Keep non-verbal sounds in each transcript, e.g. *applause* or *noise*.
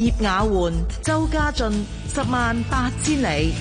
葉雅媛、周家俊，十萬八千里。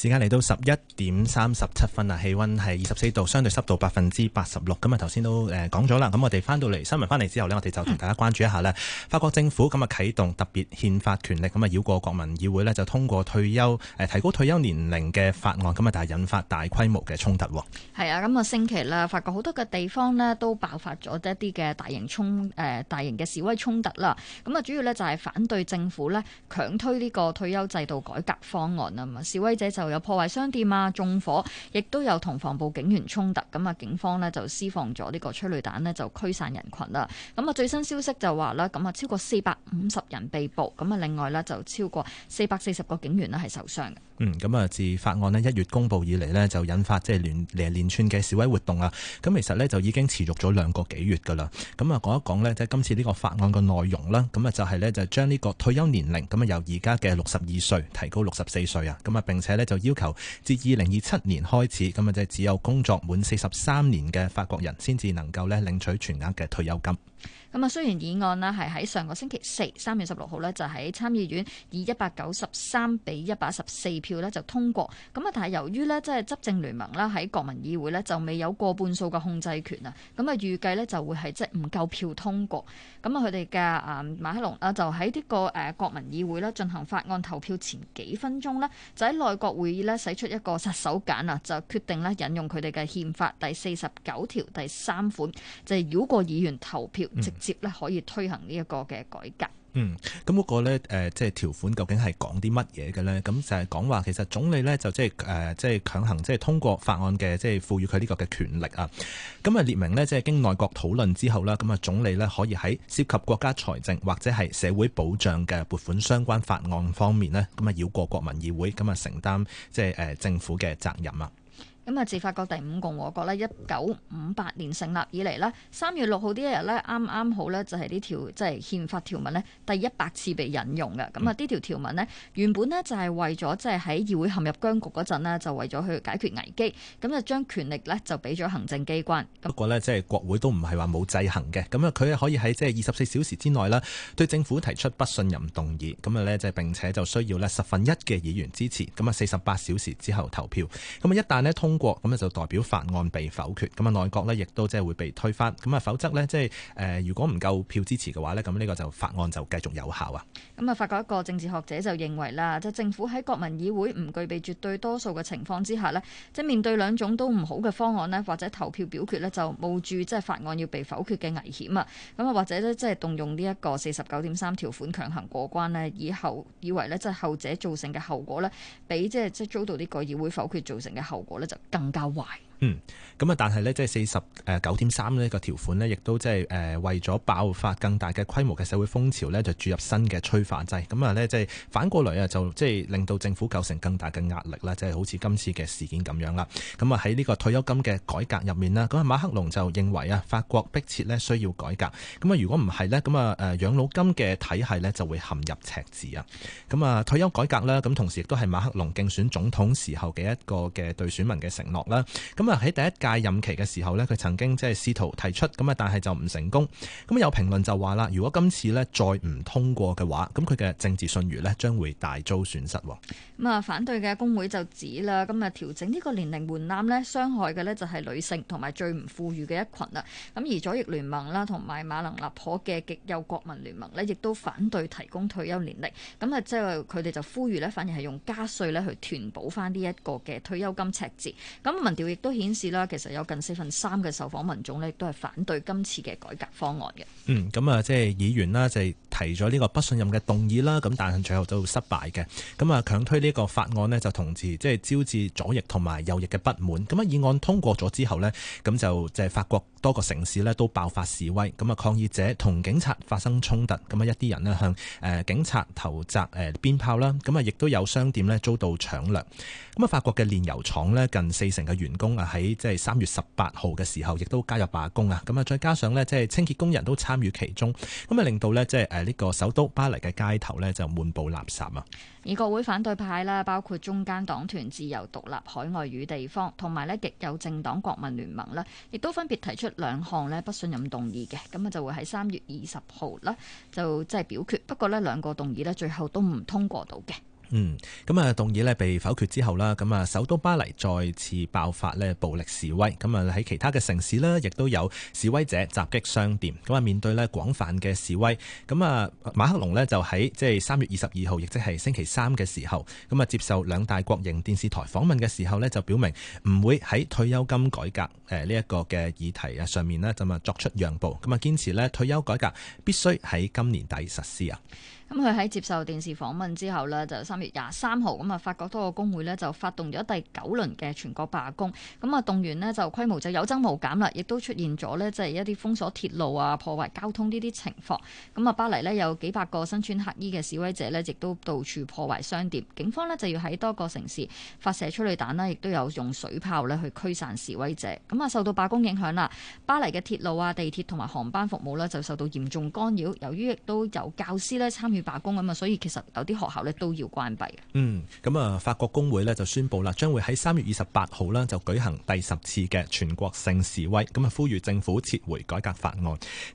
時間嚟到十一點三十七分啊！氣温係二十四度，相對濕度百分之八十六。咁啊，頭先都誒講咗啦。咁我哋翻到嚟新聞，翻嚟之後呢，我哋就同大家關注一下呢。法國政府咁啊，啟動特別憲法權力，咁啊繞過國民議會呢，就通過退休誒提高退休年齡嘅法案。咁啊，但係引發大規模嘅衝突喎。係啊，咁啊，星期啦，法國好多嘅地方呢，都爆發咗一啲嘅大型衝誒大型嘅示威衝突啦。咁啊，主要呢，就係反對政府呢強推呢個退休制度改革方案啊嘛。示威者就係有破壞商店啊，縱火，亦都有同防暴警員衝突。咁啊，警方呢就施放咗呢個催淚彈呢就驅散人群啦。咁啊，最新消息就話咧，咁啊，超過四百五十人被捕。咁啊，另外呢，就超過四百四十個警員呢係受傷嘅。嗯，咁啊，自法案呢一月公布以嚟呢，就引發即係連連，連串嘅示威活動啊。咁其實呢，就已經持續咗兩個幾月噶啦。咁啊，講一講呢，即係今次呢個法案嘅內容啦。咁啊，就係呢，就將呢個退休年齡咁啊由而家嘅六十二歲提高六十四歲啊。咁啊，並且呢就要求自二零二七年開始，咁啊就只有工作滿四十三年嘅法國人先至能夠咧領取全額嘅退休金。咁啊雖然議案啦係喺上個星期四三月十六號咧就喺參議院以一百九十三比一百一十四票咧就通過。咁啊但係由於咧即係執政聯盟啦喺國民議會咧就未有過半數嘅控制權啊，咁啊預計咧就會係即係唔夠票通過。咁啊佢哋嘅啊馬克龍啊就喺呢個誒國民議會咧進行法案投票前幾分鐘咧就喺內閣會。佢咧使出一個殺手鐧啊，就決定咧引用佢哋嘅憲法第四十九條第三款，就係繞過議員投票，直接咧可以推行呢一個嘅改革。嗯嗯，咁、那、嗰個咧，誒，即係條款究竟係講啲乜嘢嘅咧？咁就係講話，其實總理咧就即係，誒，即係強行即係通過法案嘅，即係賦予佢呢個嘅權力啊。咁啊列明呢，即係經內閣討論之後啦，咁啊總理咧可以喺涉及國家財政或者係社會保障嘅撥款相關法案方面呢，咁啊繞過國民議會，咁啊承擔即係，誒，政府嘅責任啊。咁啊，自法國第五共和國呢，一九五八年成立以嚟呢，三月六號呢一日呢，啱啱好呢，就係呢條即係憲法條文呢第一百次被引用嘅。咁啊，呢條條文呢，原本呢，就係為咗即係喺議會陷入僵局嗰陣呢，就為咗去解決危機，咁就將權力呢，就俾咗行政機關。不過呢，即係國會都唔係話冇制衡嘅，咁啊，佢可以喺即係二十四小時之內呢，對政府提出不信任動議。咁啊呢即係並且就需要呢十分一嘅議員支持。咁啊，四十八小時之後投票。咁啊，一旦呢，通國，咁就代表法案被否決，咁啊，內閣咧亦都即係會被推翻咁啊。否則咧，即係誒，如果唔夠票支持嘅話咧，咁、這、呢個就法案就繼續有效啊。咁啊，法國一個政治學者就認為啦，即政府喺國民議會唔具備絕對多數嘅情況之下咧，即係面對兩種都唔好嘅方案咧，或者投票表決咧就冒住即係法案要被否決嘅危險啊。咁啊，或者咧即係動用呢一個四十九點三條款強行過關咧，以後以為咧即係後者造成嘅後果咧，比即係即係遭到呢個議會否決造成嘅後果咧就。更加壞。嗯，咁啊，但係呢，即係四十誒九點三呢個條款呢，亦都即係誒為咗爆發更大嘅規模嘅社會風潮呢，就注入新嘅催化劑。咁啊呢即係反過來啊，就即係令到政府構成更大嘅壓力啦，即係好似今次嘅事件咁樣啦。咁啊喺呢個退休金嘅改革入面啦，咁啊，馬克龍就認為啊，法國迫切呢需要改革。咁啊，如果唔係呢，咁啊誒養老金嘅體系呢，就會陷入赤字啊。咁啊，退休改革啦，咁同時亦都係馬克龍競選總統時候嘅一個嘅對選民嘅承諾啦。咁咁啊喺第一屆任期嘅時候呢，佢曾經即係試圖提出咁啊，但係就唔成功。咁有評論就話啦，如果今次呢再唔通過嘅話，咁佢嘅政治信譽呢將會大遭損失。咁啊，反對嘅工會就指啦，咁啊調整呢個年齡門檻呢，傷害嘅呢就係女性同埋最唔富裕嘅一群啦。咁而左翼聯盟啦，同埋馬林勒龐嘅極右國民聯盟呢，亦都反對提高退休年齡。咁啊，即係佢哋就呼籲呢，反而係用加稅呢去填補翻呢一個嘅退休金赤字。咁民調亦都。顯示啦，其實有近四分三嘅受訪民眾咧，都係反對今次嘅改革方案嘅。嗯，咁啊，即係議員啦，就係提咗呢個不信任嘅動議啦，咁但係最後都失敗嘅。咁啊，強推呢個法案呢，就同時即係招致左翼同埋右翼嘅不滿。咁啊，議案通過咗之後呢，咁就即係法國，多個城市咧都爆發示威，咁啊，抗議者同警察發生衝突，咁啊，一啲人呢向誒警察投擲誒鞭炮啦，咁啊亦都有商店咧遭到搶掠。咁啊，法國嘅煉油廠咧近四成嘅員工啊，喺即係三月十八號嘅時候亦都加入罷工啊，咁啊再加上咧即係清潔工人都參與其中，咁啊令到咧即係誒呢個首都巴黎嘅街頭咧就滿布垃圾啊。而國會反對派啦，包括中間黨團、自由獨立海外與地方，同埋咧極右政黨國民聯盟啦，亦都分別提出兩項咧不信任動議嘅，咁啊就會喺三月二十號啦就即係表決，不過咧兩個動議咧最後都唔通過到嘅。嗯，咁啊動議呢被否決之後啦，咁啊首都巴黎再次爆發呢暴力示威，咁啊喺其他嘅城市咧亦都有示威者襲擊商店，咁啊面對呢廣泛嘅示威，咁啊馬克龍呢就喺即係三月二十二號，亦即係星期三嘅時候，咁啊接受兩大國營電視台訪問嘅時候呢就表明唔會喺退休金改革誒呢一個嘅議題啊上面呢就咪作出讓步，咁啊堅持呢退休改革必須喺今年底實施啊。咁佢喺接受電視訪問之後咧，就三月廿三號，咁啊，法國多個工會咧就發動咗第九輪嘅全國罷工，咁啊動員咧就規模就有增無減啦，亦都出現咗咧即係一啲封鎖鐵路啊、破壞交通呢啲情況，咁啊，巴黎咧有幾百個身穿黑衣嘅示威者咧，亦都到處破壞商店，警方咧就要喺多個城市發射催淚彈啦，亦都有用水炮咧去驅散示威者。咁啊，受到罷工影響啦，巴黎嘅鐵路啊、地鐵同埋航班服務咧就受到嚴重干擾，由於亦都有教師咧參與。罷工啊嘛，所以其實有啲學校咧都要關閉，嗯，咁啊，法國工會咧就宣布啦，將會喺三月二十八號啦就舉行第十次嘅全國性示威，咁啊呼籲政府撤回改革法案。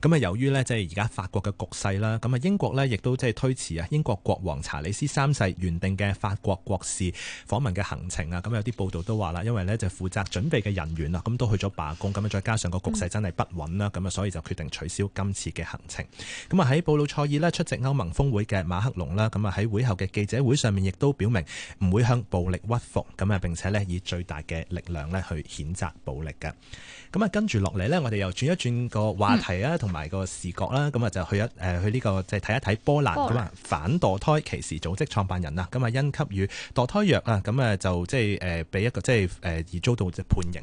咁啊，由於咧即係而家法國嘅局勢啦，咁啊英國咧亦都即係推遲啊英國國王查理斯三世原定嘅法國國事訪問嘅行程啊。咁有啲報道都話啦，因為咧就負責準備嘅人員啊，咁都去咗罷工，咁啊再加上個局勢真係不穩啦，咁啊所以就決定取消今次嘅行程。咁啊喺布魯塞爾咧出席歐盟峰會嘅馬克龍啦，咁啊喺會後嘅記者會上面，亦都表明唔會向暴力屈服，咁啊並且咧以最大嘅力量咧去譴責暴力嘅。咁啊，跟住落嚟咧，我哋又轉一轉個話題啊，同埋個視角啦。咁啊，就去看一誒去呢個即係睇一睇波蘭咁啊，反墮胎歧視組織創辦人啊，咁啊因給予墮胎藥啊，咁啊就即係誒俾一個即係誒而遭到即判刑。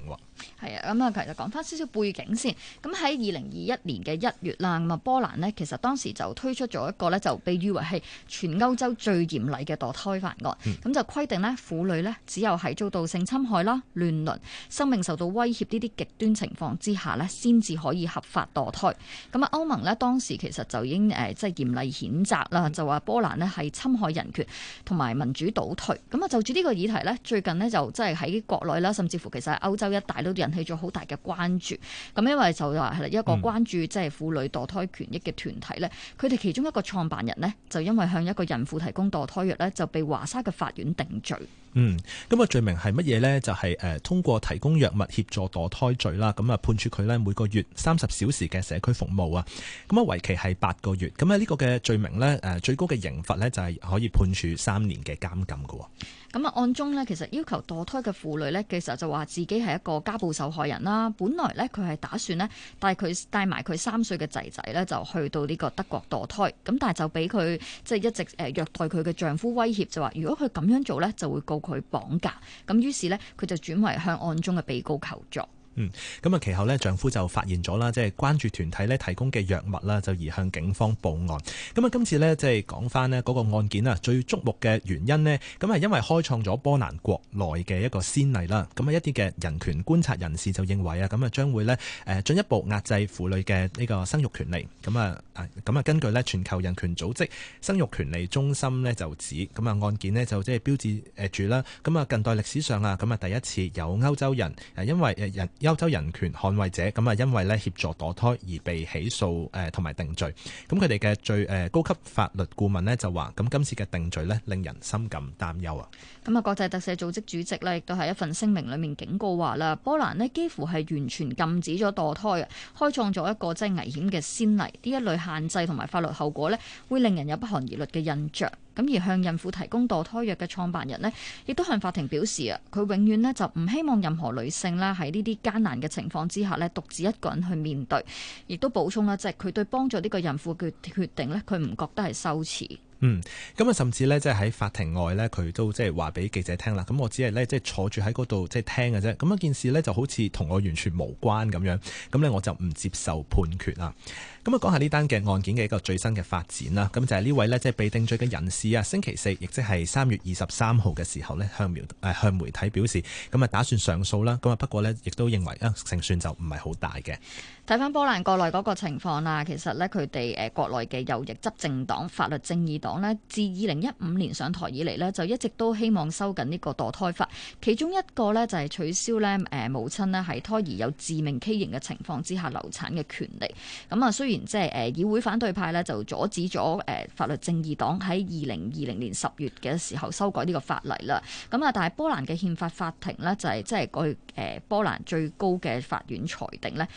係啊，咁啊其實講翻少少背景先。咁喺二零二一年嘅一月啦，咁啊波蘭咧其實當時就推出咗一個咧就被譽為係全歐洲最嚴厲嘅墮胎法案。咁、嗯、就規定呢婦女咧只有係遭到性侵害啦、亂倫、生命受到威脅呢啲極端情況之下咧，先至可以合法墮胎。咁啊，歐盟咧當時其實就已經誒，即係嚴厲譴責啦，就話波蘭咧係侵害人權同埋民主倒退。咁啊，就住呢個議題咧，最近咧就真係喺國內啦，甚至乎其實喺歐洲一帶都引起咗好大嘅關注。咁因為就話係啦，一個關注即係婦女墮胎權益嘅團體咧，佢、嗯、哋其中一個創辦人呢，就因為向一個孕婦提供墮胎藥咧，就被華沙嘅法院定罪。嗯，咁個罪名係乜嘢呢？就係誒，通過提供藥物協助墮胎罪啦。咁啊，判處佢咧每個月三十小時嘅社區服務啊。咁啊，為期係八個月。咁啊，呢個嘅罪名呢，誒，最高嘅刑罰呢，就係可以判處三年嘅監禁噶。咁啊，案中咧，其實要求墮胎嘅婦女咧，其實就話自己係一個家暴受害人啦。本來咧，佢係打算咧帶佢帶埋佢三歲嘅仔仔咧，就去到呢個德國墮胎。咁但係就俾佢即係一直誒虐待佢嘅丈夫威脅，就話如果佢咁樣做咧，就會告佢綁架。咁於是咧，佢就轉為向案中嘅被告求助。嗯，咁啊，其後咧，丈夫就發現咗啦，即係關注團體咧提供嘅藥物啦，就而向警方報案。咁啊，今次咧，即係講翻呢嗰個案件啊，最觸目嘅原因呢，咁啊，因為開創咗波蘭國內嘅一個先例啦。咁啊，一啲嘅人權觀察人士就認為啊，咁啊將會呢誒進一步壓制婦女嘅呢個生育權利。咁啊咁啊，根據呢全球人權組織生育權利中心呢，就指，咁啊案件呢，就即係標誌誒住啦。咁啊近代歷史上啊，咁啊第一次有歐洲人因為誒人歐洲人權捍衞者咁啊，因為咧協助墮胎而被起訴誒，同埋定罪。咁佢哋嘅最誒高級法律顧問呢，就話：咁今次嘅定罪呢，令人深感擔憂啊。咁啊，國際特赦組織主席呢，亦都喺一份聲明裏面警告話啦，波蘭呢，幾乎係完全禁止咗墮胎啊，開創咗一個即係危險嘅先例。呢一類限制同埋法律後果呢，會令人有不寒而栗嘅印象。咁而向孕婦提供墮胎藥嘅創辦人呢，亦都向法庭表示啊，佢永遠呢就唔希望任何女性啦喺呢啲艱難嘅情況之下呢，獨自一個人去面對。亦都補充啦，即係佢對幫助呢個孕婦嘅決定呢，佢唔覺得係羞恥。嗯，咁啊，甚至呢，即係喺法庭外呢，佢都即係話俾記者聽啦。咁我只係呢，即係坐住喺嗰度即係聽嘅啫。咁一件事呢，就好似同我完全無關咁樣。咁呢，我就唔接受判決啦。咁啊，講下呢單嘅案件嘅一個最新嘅發展啦。咁就係呢位咧，即係被定罪嘅人士啊，星期四，亦即係三月二十三號嘅時候咧，向媒誒向媒體表示，咁啊打算上訴啦。咁啊不過咧，亦都認為啊勝算就唔係好大嘅。睇翻波蘭國內嗰個情況啦，其實咧佢哋誒國內嘅右翼執政黨法律正義黨咧，自二零一五年上台以嚟咧，就一直都希望收緊呢個墮胎法，其中一個咧就係取消咧誒母親咧喺胎兒有致命畸形嘅情況之下流產嘅權利。咁啊雖然，即係誒，議會反對派咧，就阻止咗誒法律正義黨喺二零二零年十月嘅時候修改呢個法例啦。咁啊，但係波蘭嘅憲法法庭呢，就是，就係即係據誒波蘭最高嘅法院裁定呢，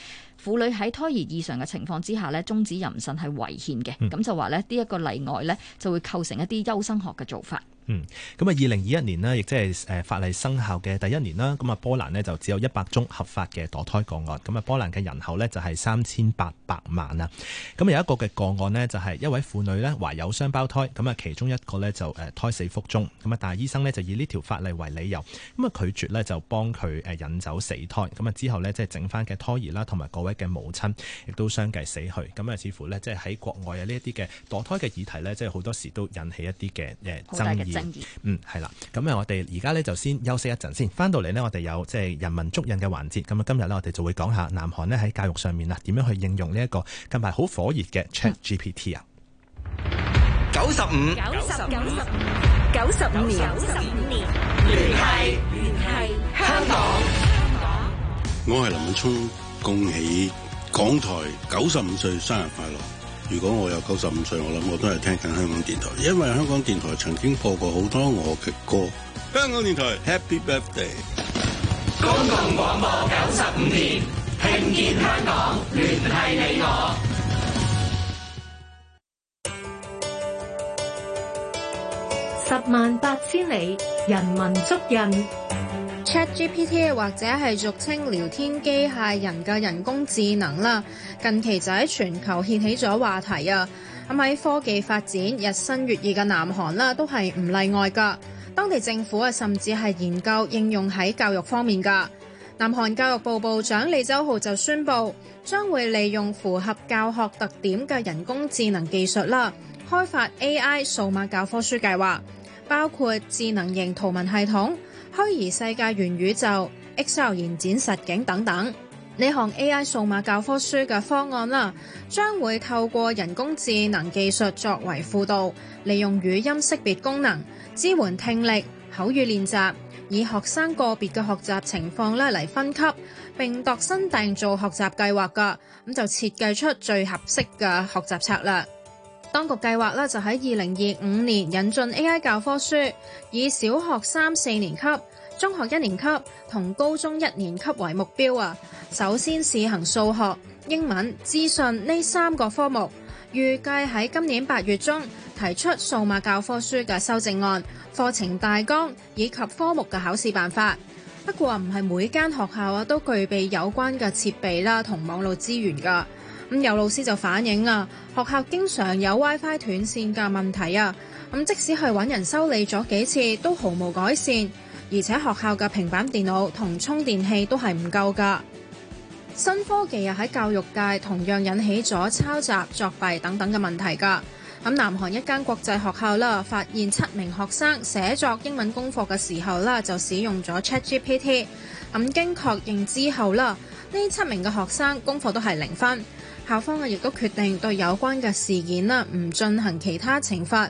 婦女喺胎兒異常嘅情況之下呢，終止妊娠係違憲嘅。咁就話咧呢一個例外呢，就會構成一啲優生學嘅做法。嗯，咁啊，二零二一年呢，亦即係誒法例生效嘅第一年啦。咁啊，波蘭呢，就只有一百宗合法嘅墮胎個案。咁啊，波蘭嘅人口呢，就係三千八百萬啊。咁啊，有一個嘅個案呢，就係一位婦女呢，懷有雙胞胎，咁啊，其中一個呢，就誒胎死腹中。咁啊，但係醫生呢，就以呢條法例為理由，咁啊拒絕呢，就幫佢誒引走死胎。咁啊之後呢，即係剩翻嘅胎兒啦，同埋各位嘅母親亦都相繼死去。咁啊，似乎呢，即係喺國外啊呢一啲嘅墮胎嘅議題呢，即係好多時都引起一啲嘅誒爭議。嗯，係啦，咁啊，我哋而家咧就先休息一陣先，翻到嚟呢，我哋有即係人文足印嘅環節，咁啊，今日咧我哋就會講下南韓咧喺教育上面啦點樣去應用呢一個近排好火熱嘅 Chat GPT 啊，九十五，九十五年聯繫聯繫，香港，係香，港香港，我係林文聰，恭喜港台九十五歲生日快樂。如果我有九十五歲，我諗我都係聽緊香港電台，因為香港電台曾經播過好多我嘅歌。香港電台 Happy Birthday，公共廣播九十五年，聽見香港，聯繫你我，十萬八千里，人文足印。ChatGPT 或者係俗稱聊天機械人嘅人工智能啦，近期就喺全球掀起咗話題啊！咁喺科技發展日新月異嘅南韓啦，都係唔例外㗎。當地政府啊，甚至係研究應用喺教育方面㗎。南韓教育部部長李周浩就宣布，將會利用符合教學特點嘅人工智能技術啦，開發 AI 數碼教科書計劃，包括智能型圖文系統。虛擬世界、元宇宙、XR 延展實景等等，呢項 AI 數碼教科書嘅方案啦，將會透過人工智能技術作為輔導，利用語音識別功能支援聽力、口語練習，以學生個別嘅學習情況咧嚟分級，並度身訂造學習計劃㗎，咁就設計出最合適嘅學習策略。當局計劃咧就喺二零二五年引進 AI 教科書，以小學三四年級、中學一年級同高中一年級為目標啊。首先試行數學、英文、資訊呢三個科目，預計喺今年八月中提出數碼教科書嘅修正案、課程大綱以及科目嘅考試辦法。不過唔係每間學校啊都具備有關嘅設備啦同網絡資源噶。咁有老師就反映啊，學校經常有 WiFi 斷線嘅問題啊。咁即使去揾人修理咗幾次，都毫無改善。而且學校嘅平板電腦同充電器都係唔夠噶。新科技又喺教育界同樣引起咗抄襲、作弊等等嘅問題㗎。咁南韓一間國際學校啦，發現七名學生寫作英文功課嘅時候啦，就使用咗 ChatGPT。咁經確認之後啦，呢七名嘅學生功課都係零分。校方啊，亦都決定對有關嘅事件啦，唔進行其他懲罰。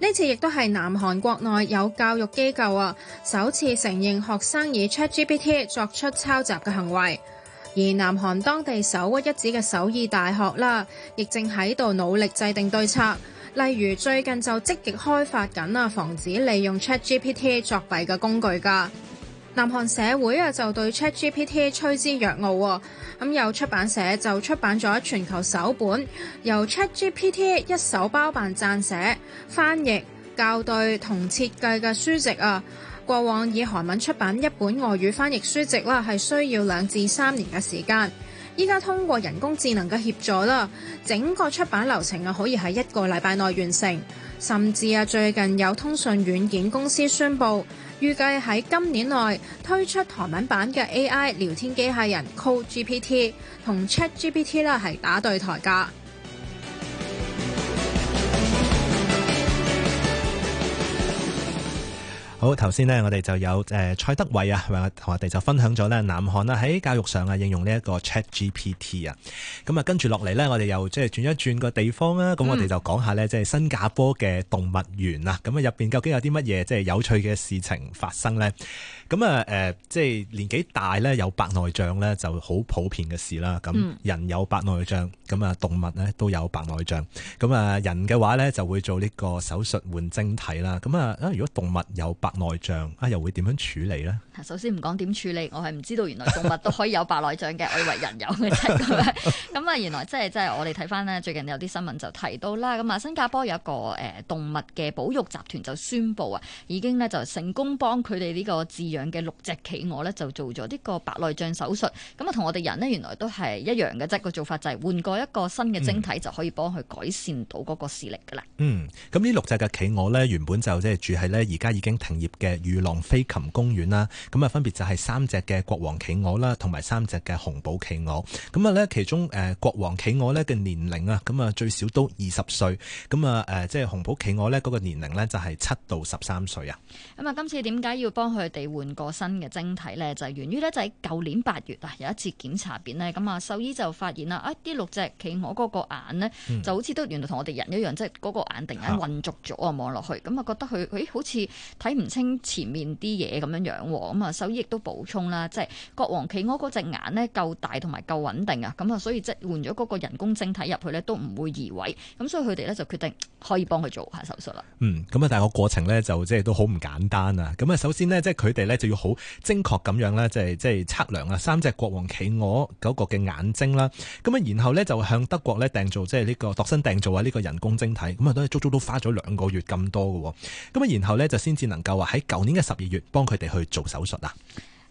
呢次亦都係南韓國內有教育機構啊，首次承認學生以 ChatGPT 作出抄襲嘅行為。而南韓當地首屈一指嘅首爾大學啦，亦正喺度努力制定對策，例如最近就積極開發緊啊，防止利用 ChatGPT 作弊嘅工具㗎。南韓社會啊，就對 ChatGPT 趨之若鶩喎。咁有出版社就出版咗全球首本由 ChatGPT 一手包辦撰寫、翻譯、校對同設計嘅書籍啊。過往以韓文出版一本外語翻譯書籍啦，係需要兩至三年嘅時間。依家通過人工智能嘅協助啦，整個出版流程啊，可以喺一個禮拜內完成。甚至啊，最近有通訊軟件公司宣布，預計喺今年內推出台文版嘅 AI 聊天機械人 CodeGPT 同 ChatGPT 啦，係打對台㗎。好，頭先咧，我哋就有誒，蔡德蕙啊，同我哋就分享咗咧，南韓啦，喺教育上啊，應用呢一個 ChatGPT 啊，咁啊跟住落嚟咧，我哋又即係轉一轉個地方啦，咁、嗯、我哋就講下咧，即係新加坡嘅動物園啊，咁啊入邊究竟有啲乜嘢即係有趣嘅事情發生咧？咁啊，誒、呃、即、就、係、是、年紀大咧有白內障咧，就好普遍嘅事啦。咁人有白內障，咁啊動物咧都有白內障。咁啊人嘅話咧就會做呢個手術換晶體啦。咁啊啊如果動物有白內障啊，又會點樣處理呢？首先唔講點處理，我係唔知道原來動物都可以有白內障嘅， *laughs* 我以為人有嘅啫。咁啊， *laughs* 原來即係即係我哋睇翻咧，最近有啲新聞就提到啦。咁啊，新加坡有一個誒動物嘅保育集團就宣布啊，已經咧就成功幫佢哋呢個飼養嘅六隻企鵝咧，就做咗呢個白內障手術。咁啊，同我哋人呢，原來都係一樣嘅。即個做法就係換過一個新嘅晶體，就可以幫佢改善到嗰個視力噶啦。嗯，咁呢六隻嘅企鵝呢，原本就即係住喺呢而家已經停嘅裕廊飛禽公園啦，咁啊分別就係三隻嘅國王企鵝啦，同埋三隻嘅洪堡企鵝。咁啊咧，其中誒國王企鵝咧嘅年齡啊，咁啊最少都二十歲。咁啊誒即係洪堡企鵝咧嗰個年齡咧就係七到十三歲啊。咁啊今次點解要幫佢哋換個新嘅晶體咧？就係、是、源於咧就喺舊年八月啊，有一次檢查邊呢。咁啊獸醫就發現啦一啲六隻企鵝嗰個眼咧、嗯、就好似都原來同我哋人一樣，即係嗰個眼突然間混濁咗啊，望落去咁啊覺得佢佢好似睇唔。清前面啲嘢咁樣樣喎，咁啊，獸醫都補充啦，即係國王企鵝嗰隻眼呢，夠大同埋夠穩定啊，咁啊，所以即換咗嗰個人工晶體入去呢，都唔會移位，咁所以佢哋呢，就決定可以幫佢做下手術啦。嗯，咁啊，但係個過程呢，就即係都好唔簡單啊，咁啊，首先呢，即係佢哋呢，就要好精確咁樣呢，即係即係測量啊三隻國王企鵝嗰個嘅眼睛啦，咁啊，然後呢，就向德國呢訂做即係呢、呢個度身訂造啊呢個人工晶體，咁啊都足足都花咗兩個月咁多嘅，咁啊，然後呢，就先至能夠。喺舊年嘅十二月幫佢哋去做手術啊。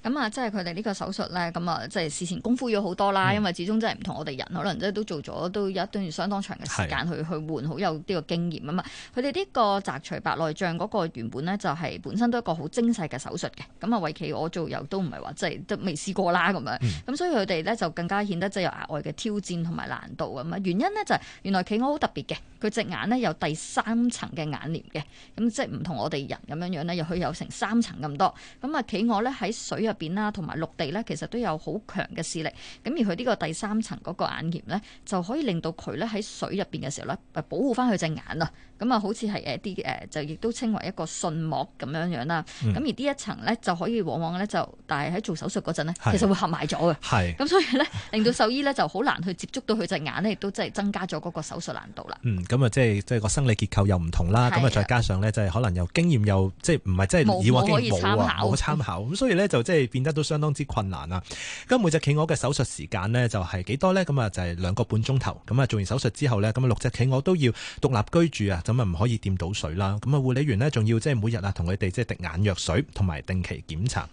咁啊，即係佢哋呢個手術咧，咁啊，即係事前功夫要好多啦、嗯，因為始終真係唔同我哋人，可能即係都做咗都有一段相當長嘅時間去去換好有呢個經驗啊嘛。佢哋呢個摘除白內障嗰個原本咧，就係本身都一個好精細嘅手術嘅。咁啊，為企鵝做又都唔係話即係都未試過啦咁樣，咁、嗯、所以佢哋咧就更加顯得即係有額外嘅挑戰同埋難度咁啊。原因咧就係原來企鵝好特別嘅，佢隻眼咧有第三層嘅眼簾嘅，咁即係唔同我哋人咁樣樣咧，又可以有成三層咁多。咁啊，企鵝咧喺水入邊啦，同埋陸地咧，其實都有好強嘅視力。咁而佢呢個第三層嗰個眼瞼，咧就可以令到佢咧喺水入邊嘅時候咧，保護翻佢隻眼啊。咁啊，好似係誒一啲誒，就亦都稱為一個瞬膜咁樣樣啦。咁、嗯、而一層呢一層咧，就可以往往咧就，但係喺做手術嗰陣咧，其實會合埋咗嘅。係。咁所以咧，令到獸醫咧就好難去接觸到佢隻眼咧， *laughs* 亦都即係增加咗嗰個手術難度啦。嗯，咁啊、就是，即係即係個生理結構又唔同啦。咁啊，再加上咧，就係、是就是、可能又經驗又即係唔係即係以往已經冇冇參考。咁 *laughs* 所以咧、就是，就即係。變得都相當之困難啊！咁每隻企鵝嘅手術時間呢，就係幾多呢？咁啊就係兩個半鐘頭。咁啊做完手術之後呢，咁啊六隻企鵝都要獨立居住啊，咁啊唔可以掂到水啦。咁啊護理員呢，仲要即係每日啊同佢哋即係滴眼藥水，同埋定期檢查。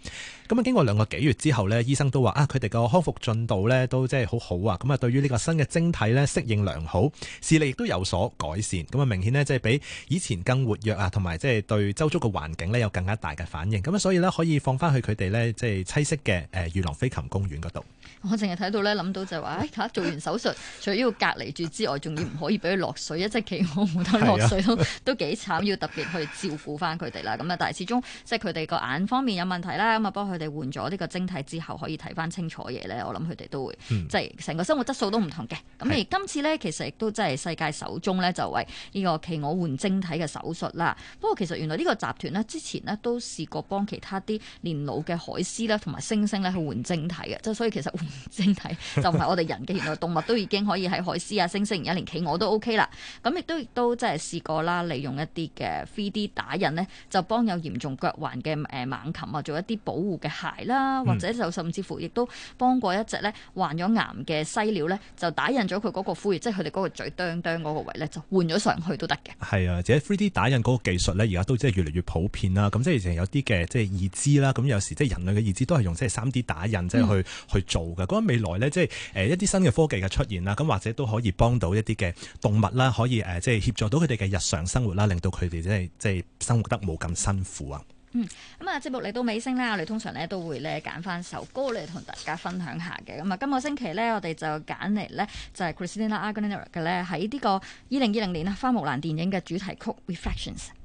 咁啊經過兩個幾月之後呢，醫生都話啊佢哋個康復進度呢，都即係好好啊！咁啊對於呢個新嘅晶體呢，適應良好，視力亦都有所改善。咁啊明顯呢，即係比以前更活躍啊，同埋即係對周遭嘅環境呢，有更加大嘅反應。咁啊所以呢，可以放翻去佢哋呢。即係棲息嘅誒，裕廊飛禽公園嗰度。我淨係睇到咧，諗到就係話，嚇做完手術，除咗要隔離住之外，仲要唔可以俾佢落水一 *laughs* 即係企鵝冇得落水、啊、都都幾慘，要特別去照顧翻佢哋啦。咁啊，但係始終即係佢哋個眼方面有問題啦。咁啊，幫佢哋換咗呢個晶體之後，可以睇翻清楚嘢咧。我諗佢哋都會、嗯、即係成個生活質素都唔同嘅。咁而今次咧，其實亦都真係世界首宗咧，就係呢個企鵝換晶體嘅手術啦。不過其實原來呢個集團呢，之前呢都試過幫其他啲年老嘅海獅同埋猩猩咧去換晶體嘅，即係所以其實換晶體就唔係我哋人嘅，原來動物都已經可以喺海獅啊、而 *laughs* 猩猩、連企鵝都 OK 啦。咁亦都亦都即係試過啦，利用一啲嘅 3D 打印呢，就幫有嚴重腳環嘅誒猛禽啊做一啲保護嘅鞋啦，或者就甚至乎亦都幫過一隻呢患咗癌嘅犀鳥呢，就打印咗佢嗰個膚，即係佢哋嗰個嘴釘釘嗰個位呢，就換咗上去都得嘅。係啊，而且 3D 打印嗰個技術呢，而家都即係越嚟越普遍啦。咁即係以前有啲嘅即係義肢啦，咁有時即係人類。嘅意思都係用即係 3D 打印，即係去去做噶。咁、嗯、未來咧即係誒一啲新嘅科技嘅出現啦，咁或者都可以幫到一啲嘅動物啦，可以誒即係協助到佢哋嘅日常生活啦，令到佢哋即係即係生活得冇咁辛苦啊。嗯，咁啊節目嚟到尾聲啦，我哋通常咧都會咧揀翻首歌嚟同大家分享一下嘅，咁啊今個星期咧我哋就揀嚟咧就係 Christina Aguilera 嘅咧喺呢個二零二零年花木蘭電影嘅主題曲 Reflections。